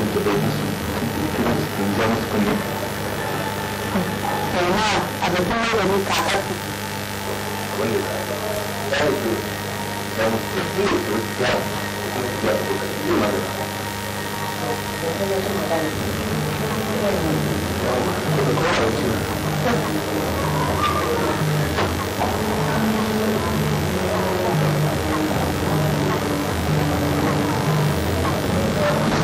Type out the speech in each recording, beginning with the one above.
frente de ellos y con él. a ya Thank you.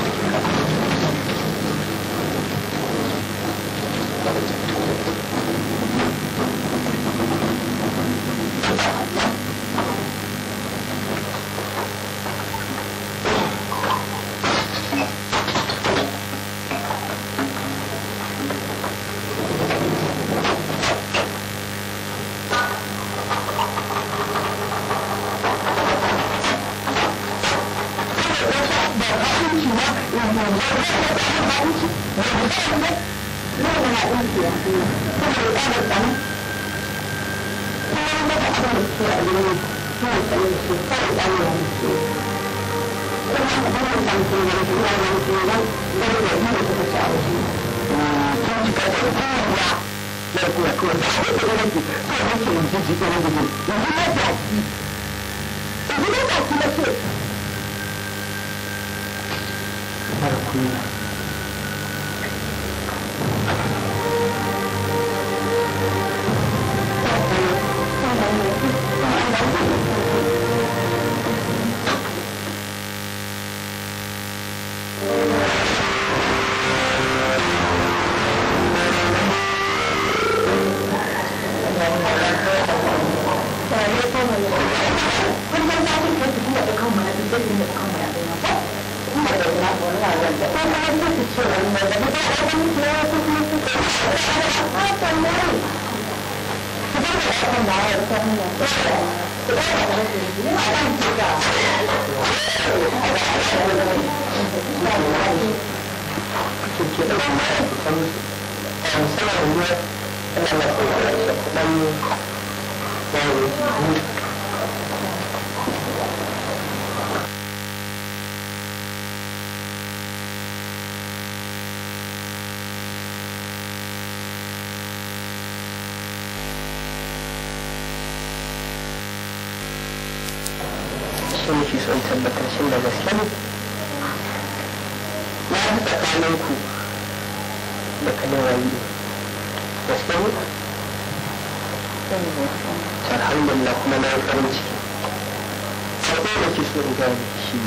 alhamdulillah kuma na farin ciki akwai da ke so da gani shi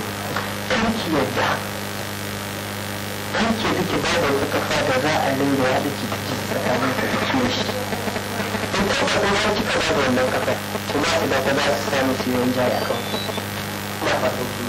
karki yadda karki yadda ke ba da wata da za a ya da ke ciki tsakanin da shi in ba ba da wannan kafa kuma idan ka za su samu su yi wani kan kuma ba ɗauki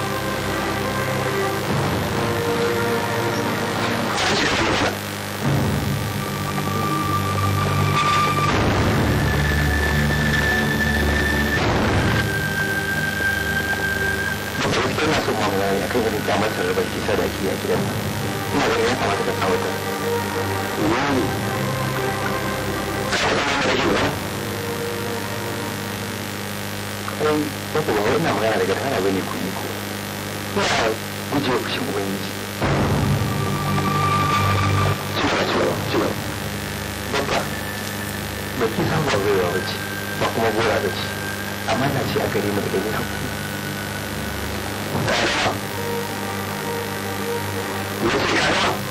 ta masa rabar cutar da ake a gidan ina da ya kamata ka kawo ta ina ne kai wata ba wannan magana daga tana bane ku yi ko ina gujewa fushin ubangiji cewa cewa cewa babba ba ki san ba zai ba ce ba kuma gora da ci amma na ce a gare mu da gani hakuri Look at that.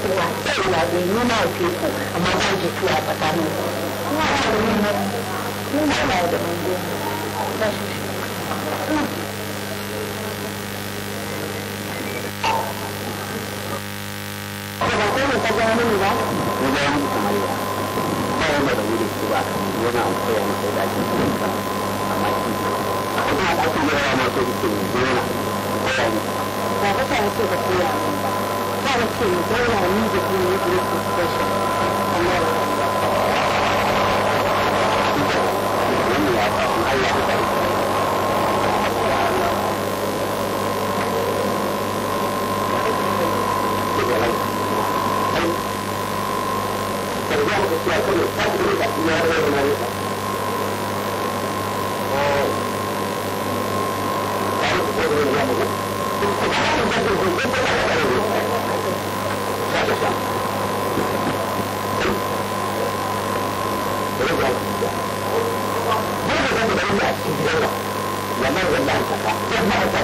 cewa cewa bai nuna wa teku amma ba ji tuwa a tsakanin ku. Kuma ba da mun nan, mun ba Ba Ba ko ne ta ba? ba Ba ba da ba, Ba kind of thing. They don't need it when you do special. America. Thank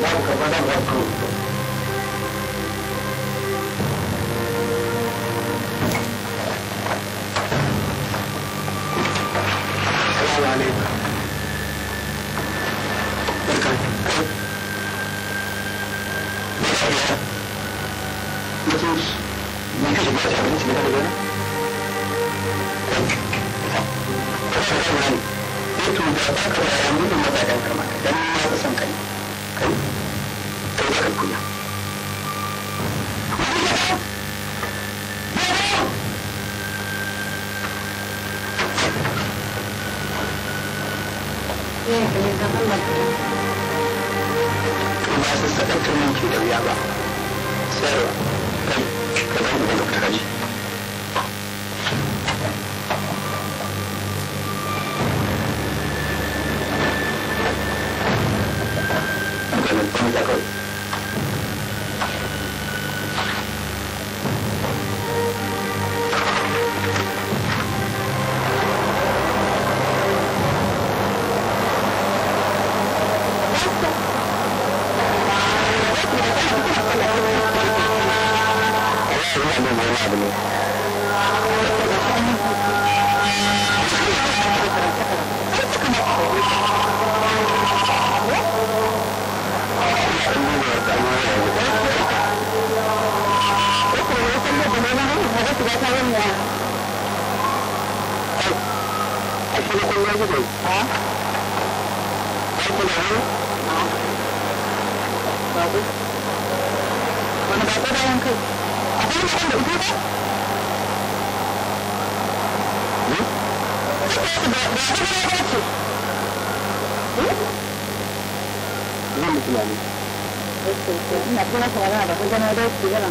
za ka karɓa nan 现在都几个了？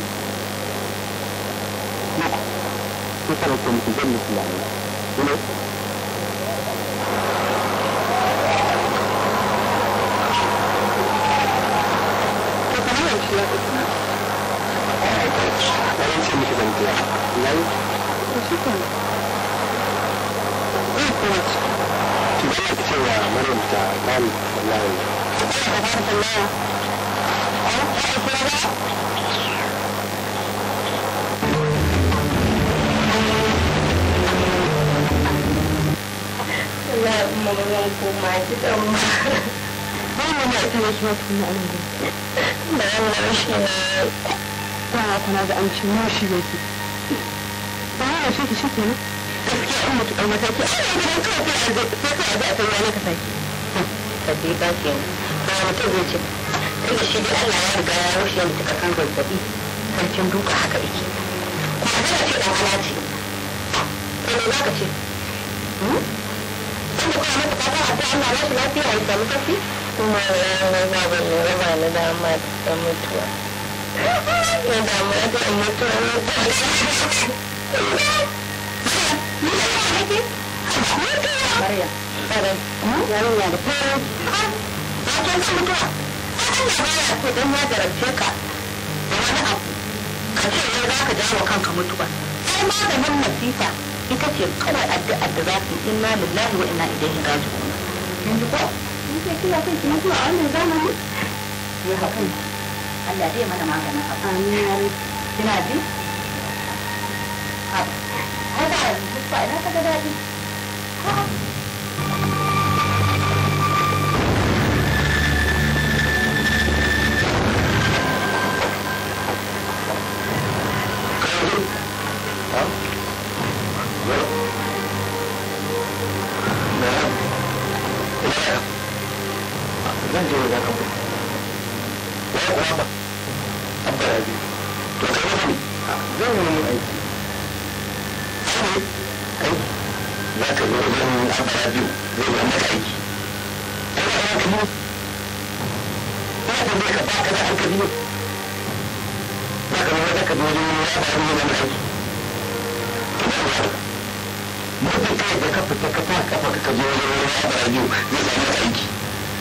zan da an riga duka Ina mata da da da ita ce kawai addu'ar da za su inna lillahi wa inna ilaihi raji'un yanzu ko in ce kina son ki mutu a wannan zamani ya Allah zai mana maganin haka amin ya rabbi kina ji haka ina ka ga daɗi zan je wajen abu ya kuma ba abu biyu to kai ne zan yi wani aiki sai aiki za ka zo wajen abu biyu zai yi maka aiki kai ka maka biyu ina da ka ba ka da aka biyu za ka zo ka zo wajen ya ba da wani aiki mutum kai da ka fita ka fa kafa ka zo wajen ya ba biyu zai yi maka aiki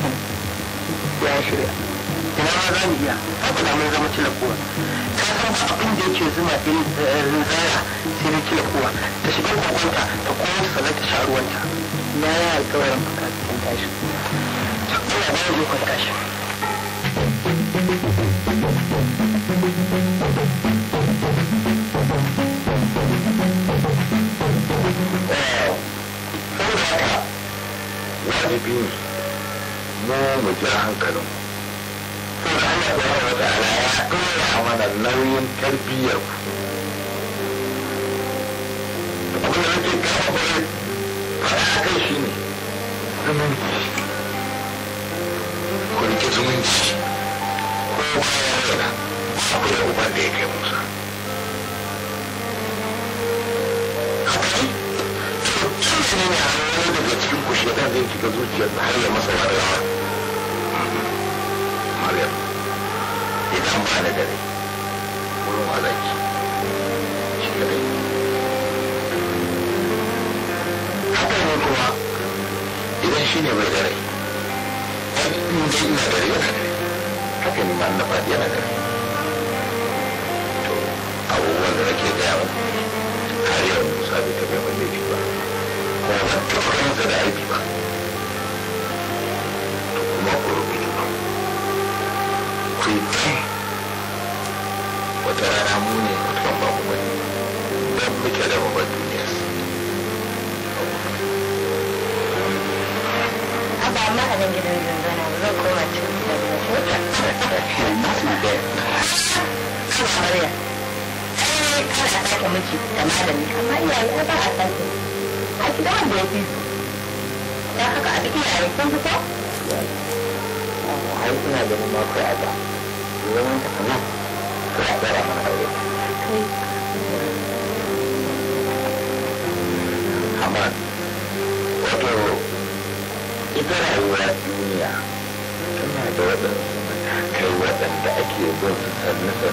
ya shirya ina ma za mu iya haka da mun zama cila kowa ta san ba abin da yake zuma irin eh, zaya sai na cila kowa ta shiga kokonta ta kowa sanar ta sharuwanta na yi alkawarin fuka cikin tashi ina da yanzu kwanta shi Wajibi ne zo mu ji hankalin so da Allah ya yi wata ala ya ɗora mana nauyin tarbiyyar ku abin da nake bare faɗa kai shi ne zumunci ku rike zumunci ko ba ya rana ku da uban da ya kai musa ne ne a wani daga cikin kushe ɗan zai shiga zuciyar har ya masa rarrawa Maryam, idan ba na dare, wurin wazaki, shi kadai. Haka ne kuma, idan shi ne mai dare, in ji ina dare yana dare, haka ne ma na faɗi yana dare. To, abubuwan da nake gaya mu, har yau Musa bai taɓa yawan laifi ba, kuma ban taɓa yanzu da aiki ba. to wata rana mu ne kan ba mu bane dan muke da babban duniya ba ma a nan gidan zanzana ba zan a da malami a ya da haka a duk iyaye kun fi neman ta kuma a duniya tana da waɗanda ake bin aka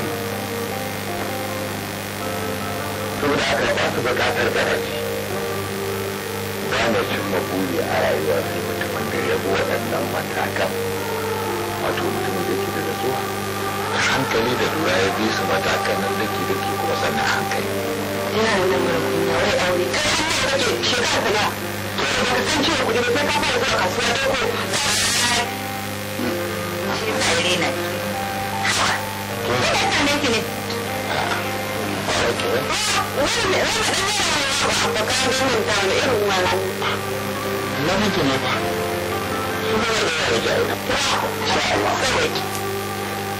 ba su buƙatar garaji ba na a rayuwa mutumin da ya waɗannan matakan wato mutumin da ke da su. hankali da lura ya bi su matakan nan daki daki kuma sannan hankali da nan mara kunya wai aure shekara ba ka san cewa kuɗi ba sai ka fara zuwa kasuwa ko ba ba ta ne ba.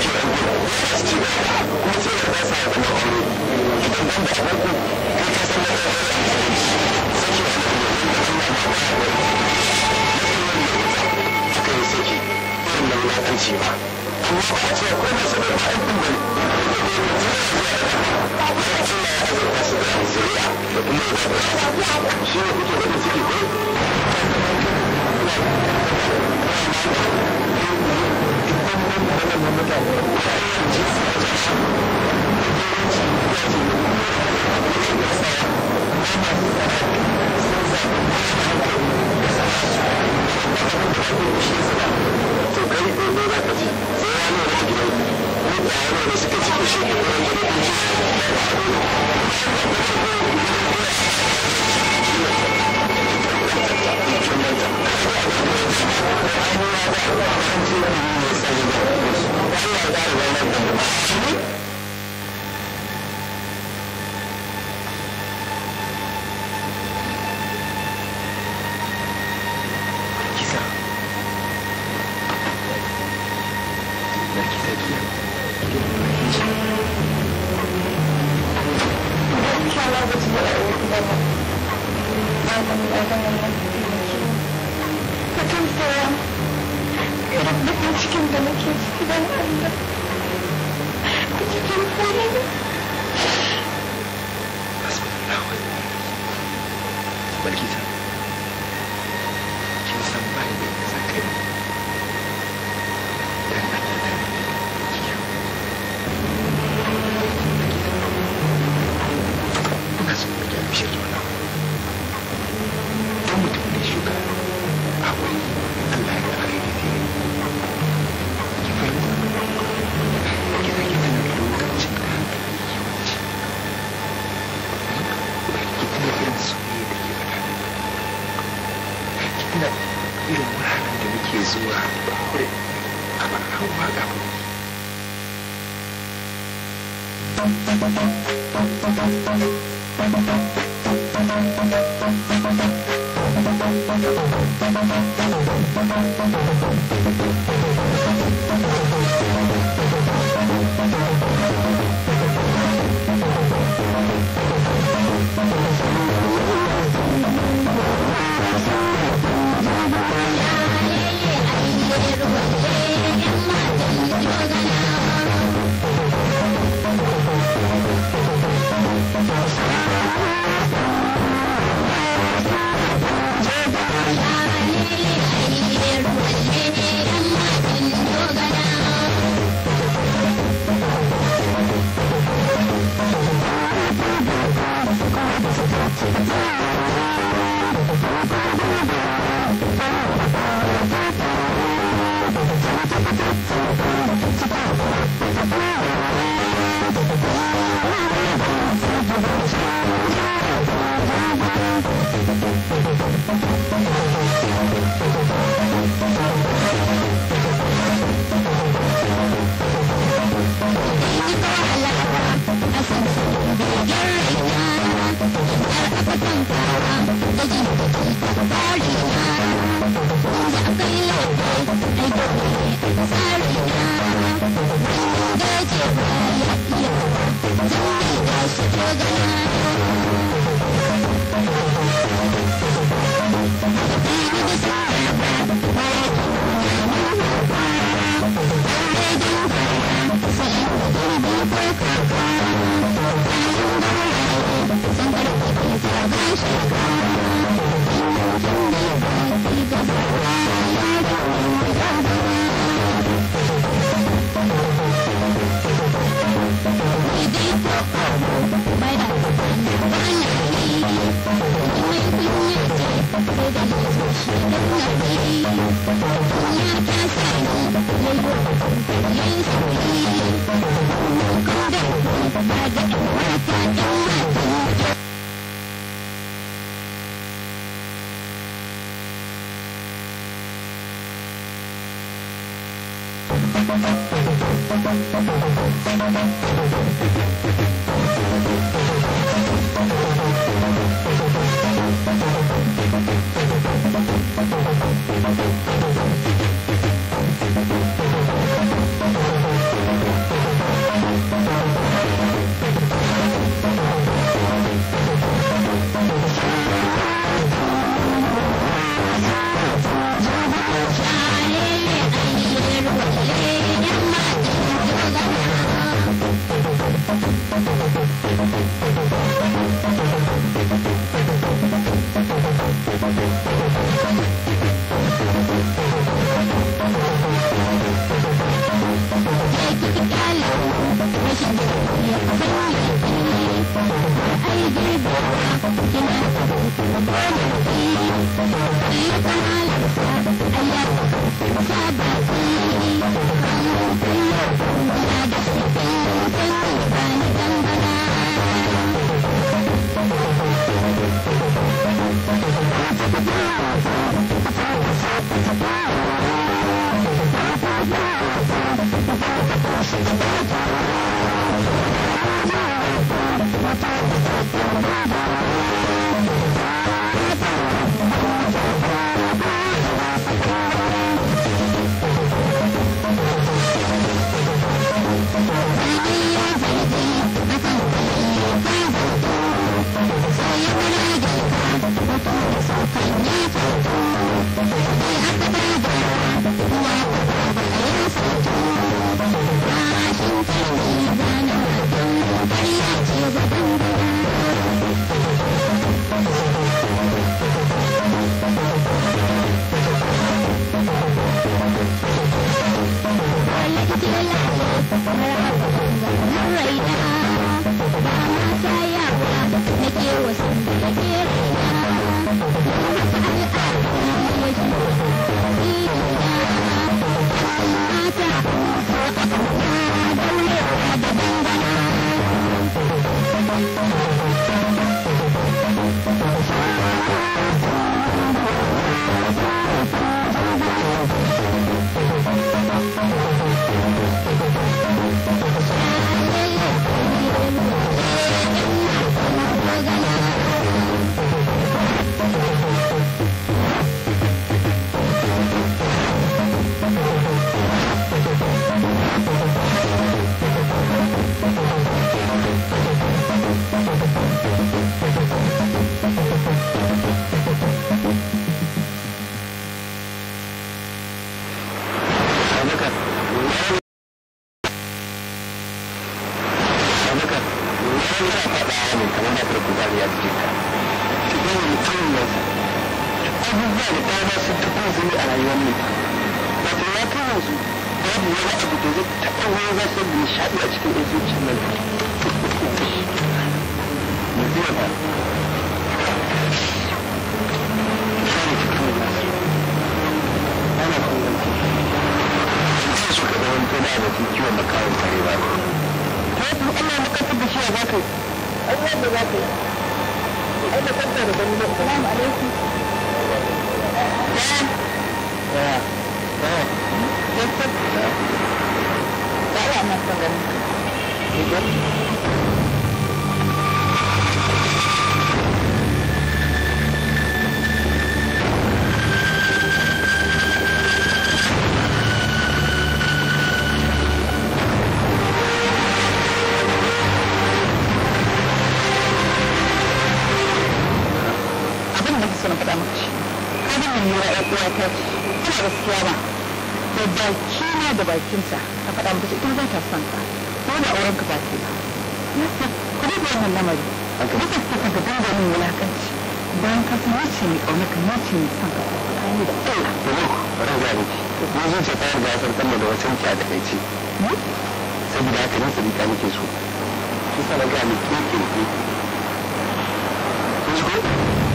全部。da bakinta ta faɗa mata ita za ta san ka da auren ka ba da ba ku duba wannan lamari ka ta ka dinga min wulakanci dan ka san wace ne ƙaunar ka wace ne son ka tsakani da Allah. Ran ga miki, ni zuciya ta yarda ta ka da ka da a takaice. Hmm? Saboda haka ni ka nake so. Shi sa ga miki ke ke. Kun ko?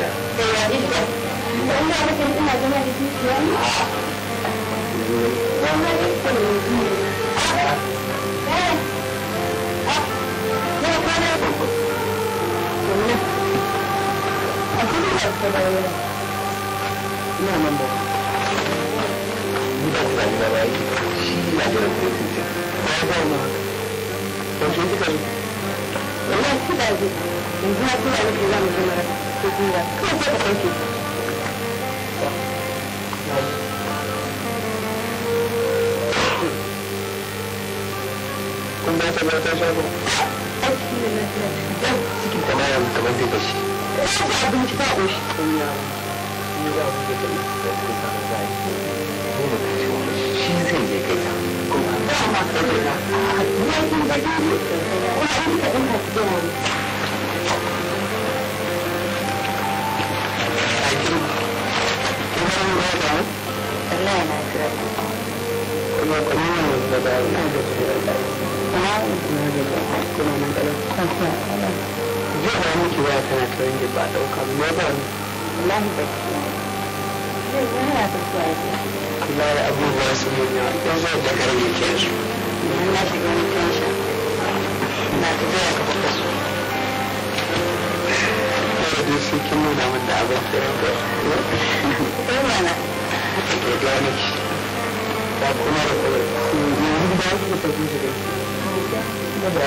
Yeah.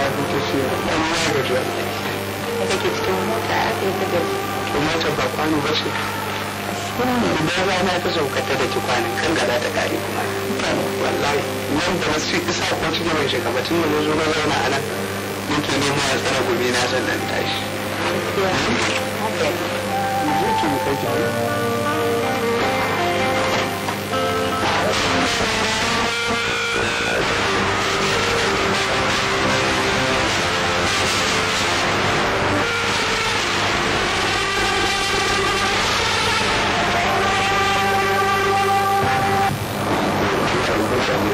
ya fi tafiya ɗan mota a kai ta gaji to mota ba kwano ba na idan rana ta saukata da ki kwanan kan gada ta kare kuma wallahi nan da wasu isa ko cikin mai shiga batun da zo na zauna a nan nake nema ya tsara na sannan tashi.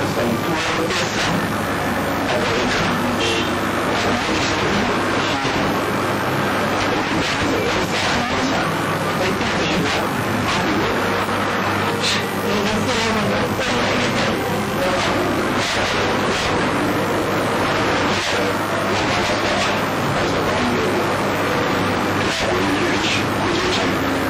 成都的山，还有川西的山，都是有山的。我们四川的山，有山的地方，都有人。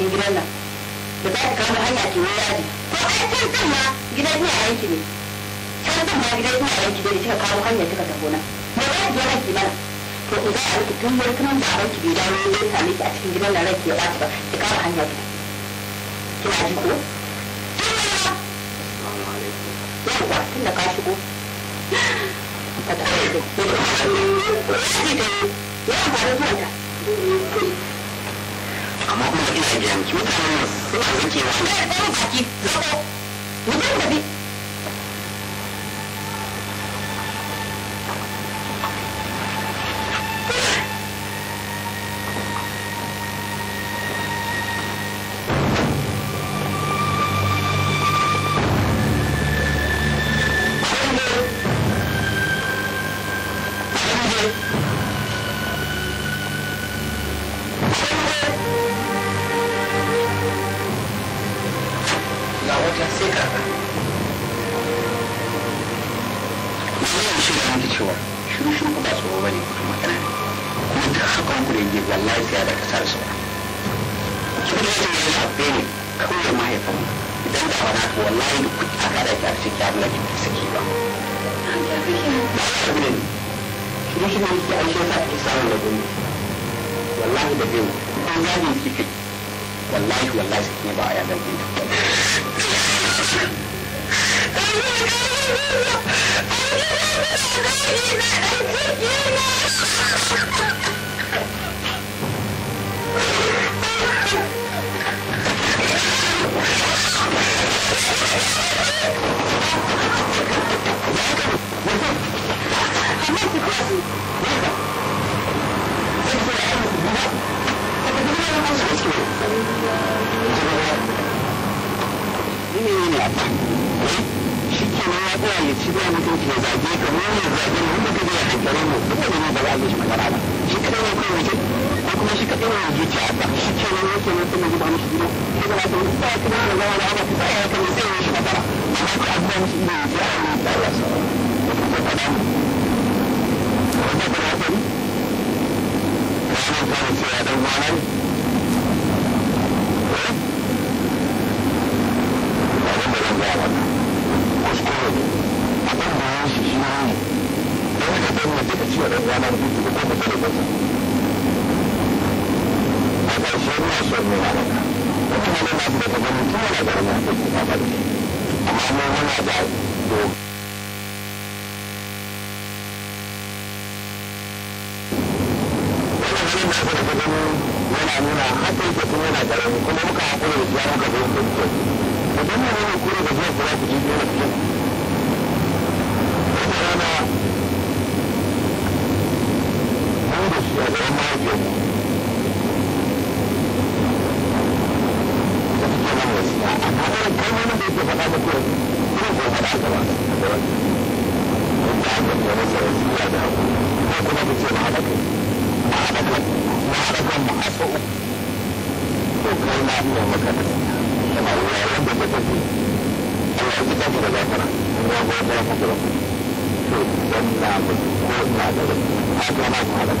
cikin gidan nan da za ka kama hanya ke wani yaji ko ai can din ma gidan a yanki ne can din ma gidan a yanki ne da kika kawo hanya kika tafi nan me za ki gyara nan ki mana to ku za a riki tun wani kuma da abin ki bai dawo ya same ki a cikin gidan nan ranki ya ɓaci ba ki kama hanya ki kina ji ko yawwa tun da ka shigo ka da ya fara zuwa ta amma kuma ina yanzu mutanen nan suna zancewa ne ɗaya baki zaɓo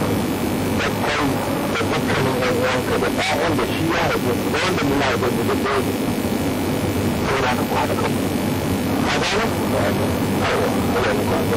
da da dukkanin yan da ɗayan da shi ya haife su da wanda muna haife su duk ɗaya ne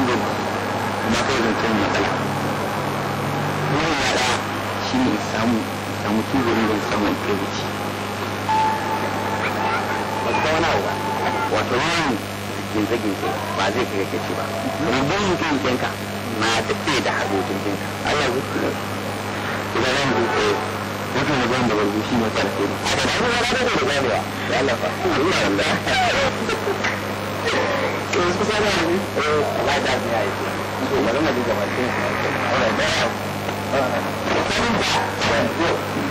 inda kuma kai zan kai matsala wani na da shi ne samu samu ba abu ba wani ba zai kai kace ba kuma don mutum jinka na tafiye da Allah idan ran eh, wata zan da ne a da da da ya kusa da ni ya ba da ni ai to bari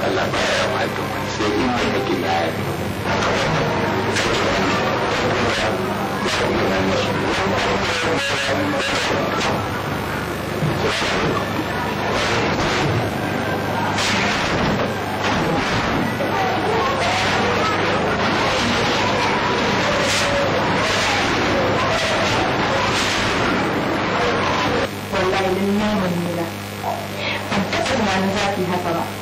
قال لك وعدكم سيئين منك والله لله والملا فانتقلوا عن ذاتها فراغ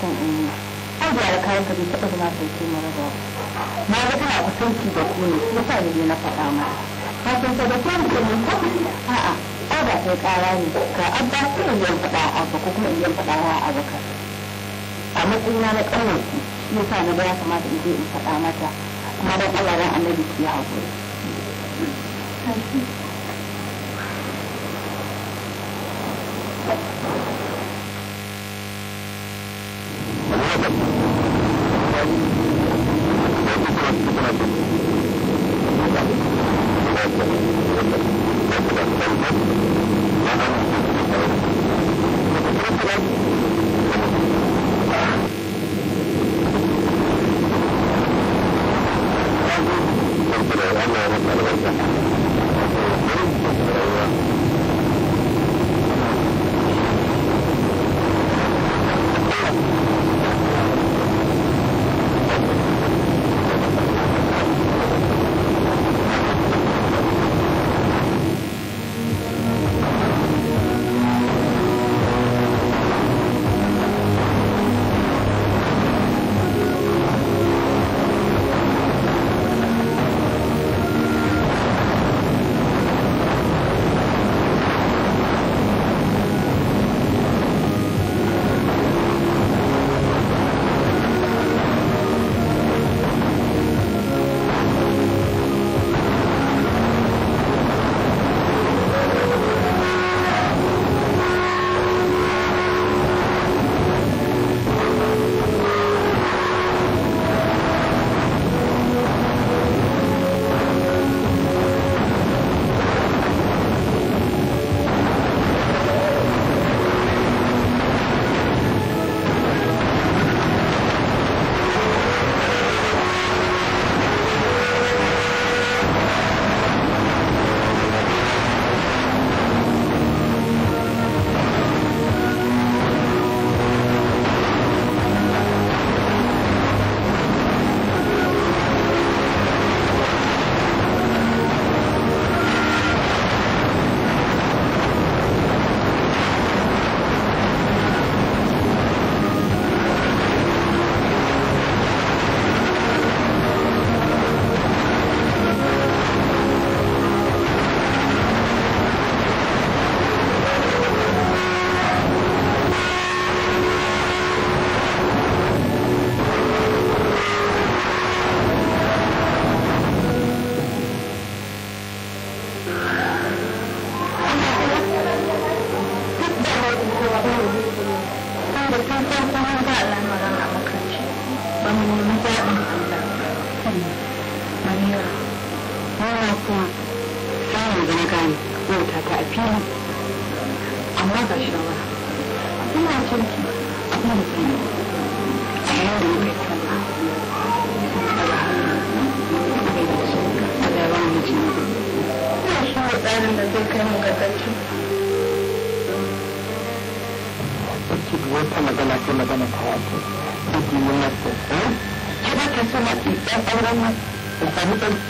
son in yi ko da ya kayan ka bai taɓa zama sauke mara ba na ga tana kusanci da ku ne ya sa ne na faɗa ma ka san ne ko a'a ƙara ne ka abba ko in yan faɗa a abba ko kuma in yan faɗa a a matsayina na ƙanwarki na ga ya kamata in je in faɗa mata kuma dan Allah ran annabi ki ya haƙuri.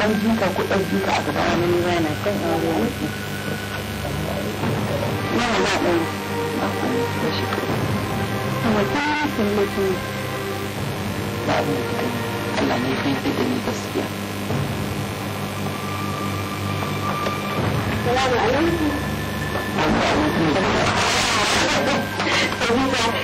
an jika ko ɗan a gaba wani ne yana kan aure wuce yana ɗan a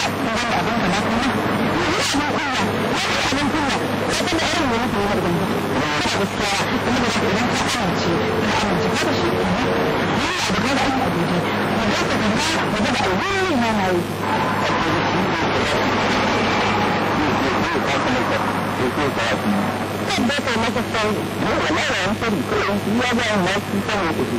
Tabbata masa sauri, mu wani ran sani, ya ga yin wasu sanar da shi.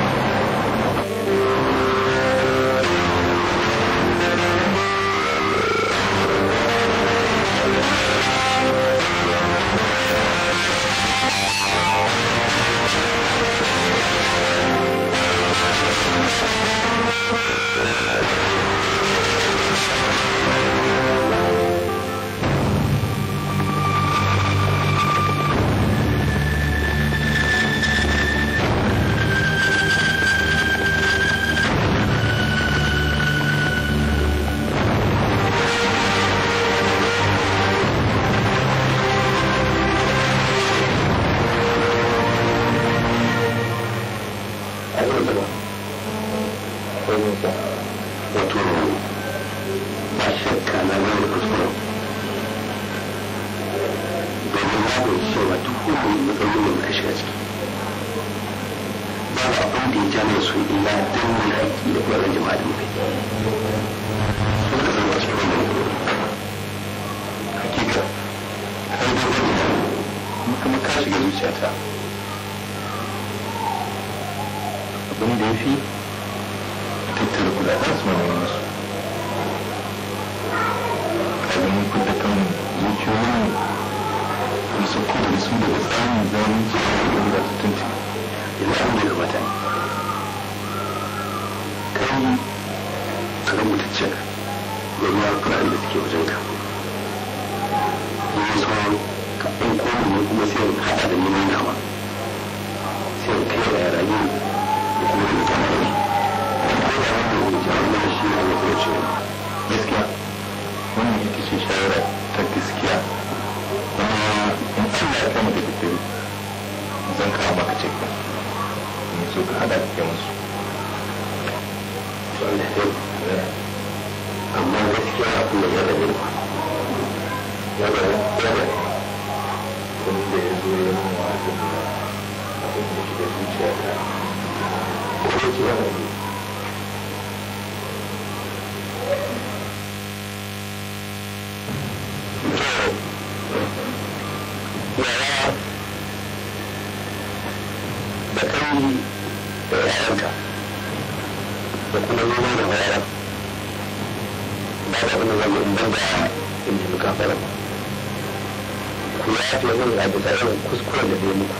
Allah da garin kuskuren da zai muku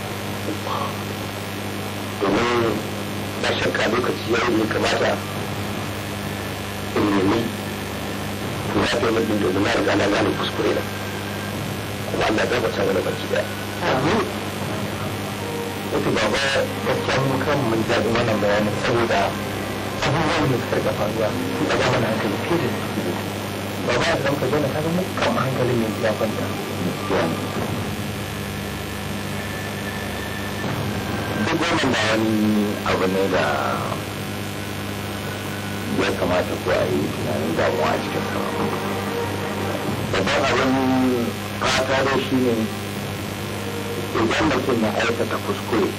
domin na shakka lokaci yau ne kamata in nemi domin na riga na kuskure na kuma Allah zai daya. Wata baba gaskiya mun kan mun jaɗi wannan bayanin saboda abubuwan da suka faruwa. abu ne da ya kamata ko a yi tunanin damuwa a cikin sa babban abin fata da shi ne idan mutum ya aikata kuskure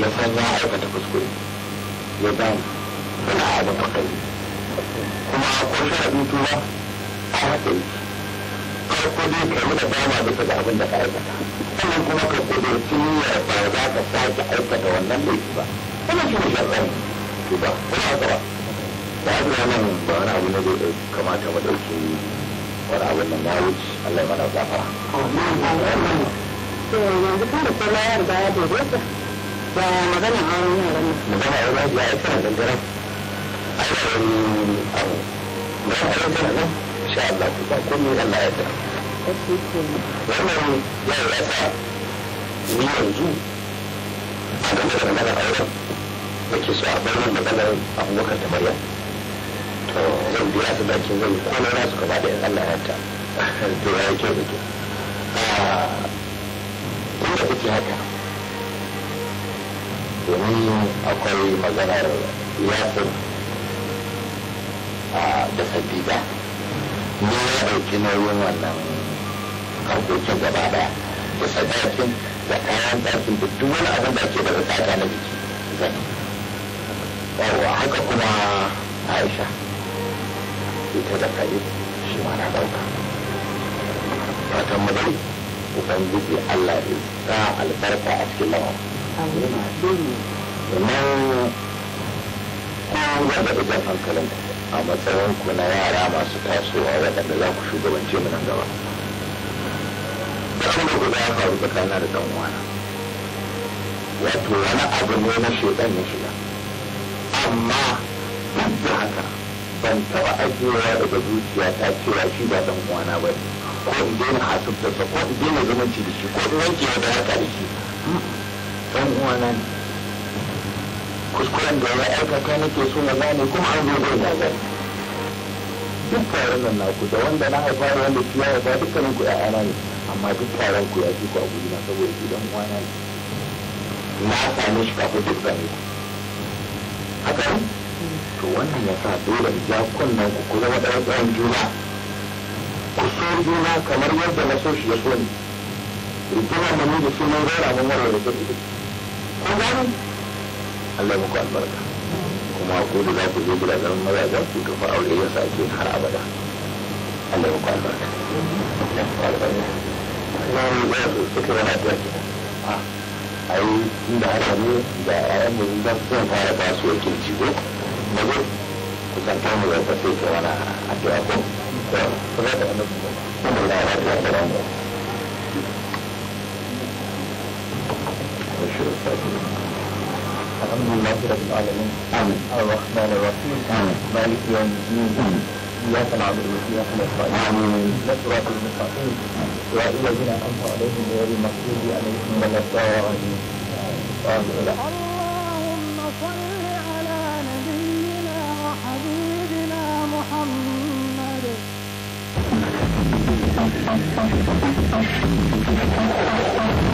ya san ya aikata kuskure ya dan suna abin kwakwai kuma a ko sharaɗin ba a haka yake farko dai ka yi da dama bisa da abin da ka aikata sannan kuma ka kudurci niyyar ba za ka sake aikata wannan laifi ba kuma shi ne shaɗan to ba kuma haka ba ba a zuwa nan ba wani abu ne zai kamata mu ɗauki wani abu nan ya wuce Allah ya mana gafara. to yanzu kan da kuma magana ba a yi tana nan insha Allah ku ba komai Allah ya tana. yanzu a ke so a bar maganar abubakar da maryam to zan biya su da zan yi komai na su gaba da yan allah ya ta to ya yi kyau da kyau tun ah, da kuke haka domin akwai maganar yasir ah, da sabida ni ya ɗauki nauyin wannan harkokin gaba daya da sadakin da kayan ɗakin da duk wani abin da ke da ta na biki wa haka kuma aisha ita da kai shi ma na dauka fatan mu dai ubangiji Allah ya sa albarka a cikin lawa domin kun gargaɗi jan hankalin a matsayin ku na yara masu tasowa waɗanda za ku shugabance mu nan gaba kashin da ku za faru tsakanin da ɗan uwana wato wani abu ne na shaidan ya shiga amma ban da haka ban taɓa ajiyewa daga zuciya ta cewa shi ba dan uwana ba ne ko in daina hasubta sa ko in daina zumunci da shi ko in wanke wata haka da shi dan uwana ne kuskuren da ya aikata nake so na gane kuma an zo zai na duk taron nan naku da wanda na haifa da wanda shi ya haifa dukkanin ku ƴaƴana ne amma duk taron ku ya ji ku a guri na saboda dan uwana ne na same shi kafin duk zane ku a gari to wannan ya sa dole ya kunnen ku kula wa ɗayan juna ku so juna kamar yadda na so shi ya so ni rigima da mu da shi mun mun wara da kake ko gani Allah muku albarka kuma ku da za ku je maza mazajen ku tafi aure ya sa ake har abada Allah muku albarka Allah muku albarka Allah muku albarka Allah muku albarka a yi inda haka ne da ƴaƴan mu zan zan fara ba su wakilci ko na zo ku san ta mu zaka sai wani addu'a ko kuma ta fara mu الحمد لله رب العالمين الرحمن الرحيم مالك يوم الدين إياك نعبد وإياك نستعين لا صراط المستقيم والى الذين أنعمت عليهم غير المقصود عليهم ولا الضالين اللهم صل على نبينا وحبيبنا محمد Thank you.